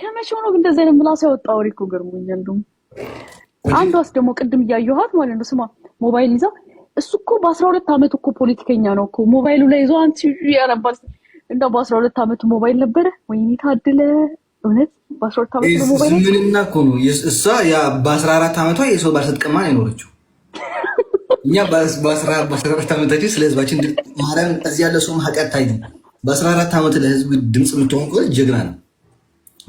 ከመቼ ሆኖ ግን እንደዚህ አይነት ምላስ ያወጣው? እኔ እኮ ገርሞኛል። እንደውም አንዷስ ደግሞ ቅድም እያየኋት ማለት ነው ስማ ሞባይል ይዛ እሱ እኮ በአስራ ሁለት ዓመት እኮ ፖለቲከኛ ነው እኮ ሞባይሉ ላይ ይዞ አንቺ ያነባል። እንደ በአስራ ሁለት ዓመቱ ሞባይል ነበረ? ወይኔ ታድለ እውነት በአስራ ሁለት ዓመቱ ሞባይል ምንና እኮ ነው እሷ በአስራ አራት ዓመቷ የሰው ባልሰጥቀማ ነው የኖረችው። እኛ በአስራ አራት ዓመታችን ስለ ህዝባችን ማርያም እዚህ ያለ ሰውም ኃጢአት ታይ በአስራ አራት ዓመት ለህዝብ ድምፅ የምትሆን ጀግና ነው።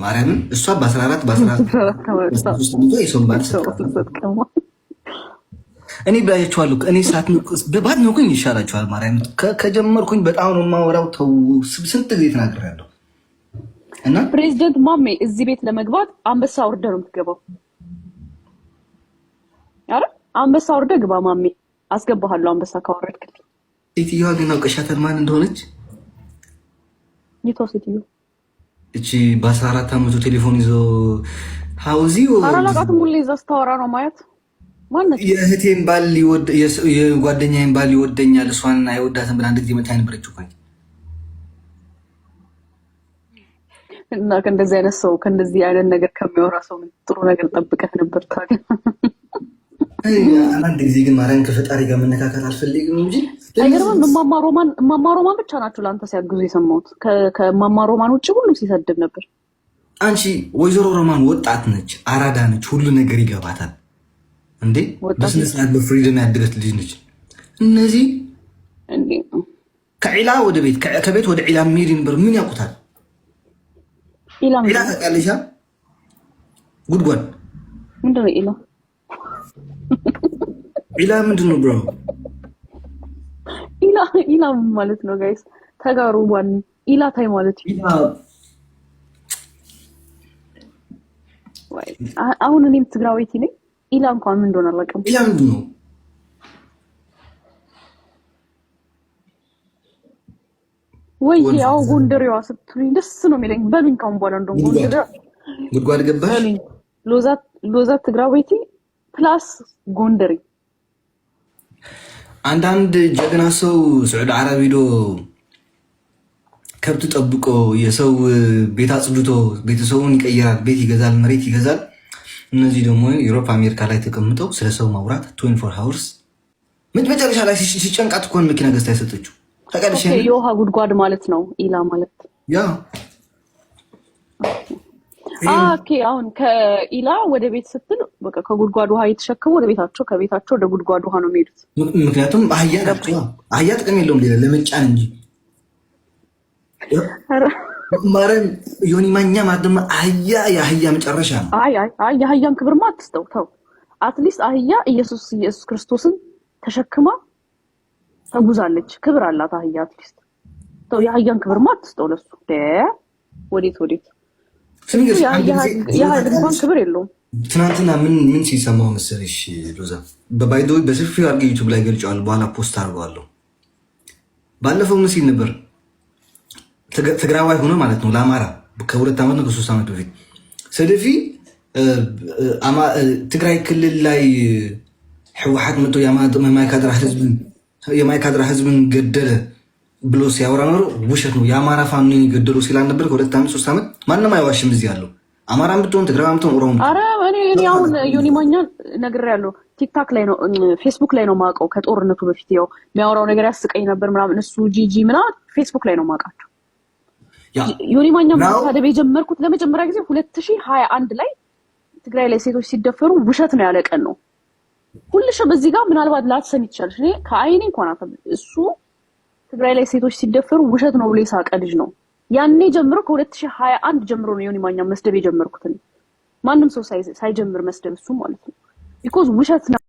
ማርያምን እሷ በ14 በ14 የሰውን ባል እኔ ብላችኋለሁ። እኔ ሰዓት ባትነኩኝ ይሻላችኋል። ማርያም ከጀመርኩኝ በጣም ነው የማወራው። ተው ስንት ጊዜ ተናግሬያለሁ። እና ፕሬዚደንት ማሜ እዚህ ቤት ለመግባት አንበሳ ወርደ ነው የምትገባው። አረ አንበሳ ወርደ ግባ ማሜ፣ አስገባሃለሁ። አንበሳ ካወረድክልኝ። ሴትዮዋ ግን አውቀሻታል ማን እንደሆነች? የቷ ሴትዮ? እቺ በአስራ አራት አመቱ ቴሌፎን ይዞ ሀውዚ አራላቃትም ሁሌ እዛ ስታወራ ነው ማየት። የእህቴን ባል የጓደኛዬን ባል ይወደኛል እሷን አይወዳትም ብላ አንድ ጊዜ መታ ነበረች እኮ እና ከእንደዚህ አይነት ሰው ከእንደዚህ አይነት ነገር ከሚወራ ሰው ጥሩ ነገር ጠብቀት ነበር ታዲያ? አንዳንድ ጊዜ ግን ማርያም ከፈጣሪ ጋር መነካከት አልፈልግም እንጂ እማማ ሮማን ብቻ ናቸው ለአንተ ሲያግዙ የሰማሁት። ከእማማ ሮማን ውጭ ሁሉም ሲሰድብ ነበር። አንቺ ወይዘሮ ሮማን ወጣት ነች፣ አራዳ ነች፣ ሁሉ ነገር ይገባታል። እንዴ በስነስርዓት በፍሪደም ያደገች ልጅ ነች። እነዚህ ከዒላ ወደ ቤት ከቤት ወደ ዒላ ሚሄድ ነበር። ምን ያውቁታል? ዒላ ታውቃለሻ? ጉድጓድ ምንድን ነው ዒላ? ኢላ ምንድን ነው ብሮ? ኢላ ኢላ ማለት ነው ጋይስ፣ ተጋሩ ባን ኢላ ታይ ማለት ነው። አሁን እኔም ትግራዊት ነኝ። ኢላ እንኳን ምን እንደሆነ አላውቅም። ኢላ ምንድን ነው? ወይ ያው ጎንደሬዋ ስትሉኝ ደስ ነው የሚለኝ። በሉኝ ካሁን በኋላ እንደውም ጎንደሬዋ ጉድጓድ ገባሽ ሎዛት ሎዛት ትግራዊት ፕላስ ጎንደሪ አንዳንድ ጀግና ሰው ስዑድ ዓረቢዶ ከብት ጠብቆ የሰው ቤት አጽድቶ ቤተሰቡን ይቀይራል፣ ቤት ይገዛል፣ መሬት ይገዛል። እነዚህ ደግሞ ዩሮፕ አሜሪካ ላይ ተቀምጠው ስለ ሰው ማውራት ትዌንቲ ፎር ሃውርስ መጨረሻ ላይ ሲጨንቃት እኮ መኪና ገዝታ አይሰጠችው። የውሃ ጉድጓድ ማለት ነው ኢላ ማለት ያ ኦኬ አሁን ከኢላ ወደ ቤት ስትል በቃ ከጉድጓድ ውሃ እየተሸከሙ ወደ ቤታቸው ከቤታቸው ወደ ጉድጓድ ውሃ ነው የሚሄዱት። ምክንያቱም አህያ አህያ ጥቅም የለውም ሌላ ለመጫን እንጂ ማረን ዮኒ ማኛ ማለት ደግሞ አህያ የአህያ መጨረሻ ነው። የአህያን ክብርማ አትስጠው ተው። አትሊስት አህያ ኢየሱስ ኢየሱስ ክርስቶስን ተሸክማ ተጉዛለች። ክብር አላት አህያ አትሊስት ተው። የአህያን ክብርማ አትስጠው ለሱ ወዴት ወዴት ክብር የለውም። ትናንትና ምን ምን ሲሰማ መሰለሽ ሎዛ በባይዶ በሰፊው አድርገህ ዩቱብ ላይ ገልጫዋል። በኋላ ፖስት አድርገዋለሁ። ባለፈው ምን ሲል ነበር? ትግራዋይ ሆነ ማለት ነው ለአማራ ከሁለት ዓመት ነው ከሶስት ዓመት በፊት ሰደፊ ትግራይ ክልል ላይ ህወሓት መቶ የማይካድራ ህዝብን ገደለ ብሎ ሲያወራ ኖሮ ውሸት ነው። የአማራ ፋኖን የገደሉ ሲላል ነበር። ከሁለት ዓመት ሶስት ዓመት ማንም አይዋሽም። እዚህ ያለው አማራም ብትሆን ትግራይም ብትሆን ኦሮሞም እኔ አሁን ዮኒ ነግሬያለሁ። ቲክታክ ላይ ነው ፌስቡክ ላይ ነው የማውቀው። ከጦርነቱ በፊት ያው የሚያወራው ነገር ያስቀኝ ነበር ምናምን እሱ ጂጂ ምናምን ፌስቡክ ላይ ነው የማውቃቸው። ዮኒ ማኛ መሳደብ የጀመርኩት ለመጀመሪያ ጊዜ ሁለት ሺህ ሀያ አንድ ላይ ትግራይ ላይ ሴቶች ሲደፈሩ ውሸት ነው ያለቀን ነው። ሁልሽም እዚህ ጋር ምናልባት ላትሰን ይቻለሽ። እኔ ከአይኔ እንኳን እሱ ትግራይ ላይ ሴቶች ሲደፈሩ ውሸት ነው ብሎ የሳቀ ልጅ ነው። ያኔ ጀምሮ ከሁለት ሺህ ሀያ አንድ ጀምሮ ነው የሆነ ማኛ መስደብ የጀመርኩትን ማንም ሰው ሳይጀምር መስደብ እሱ ማለት ነው ቢኮዝ ውሸት ነው።